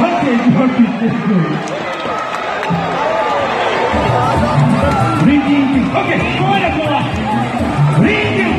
fucking Turkish history. Reading, okay, go ahead, Reading.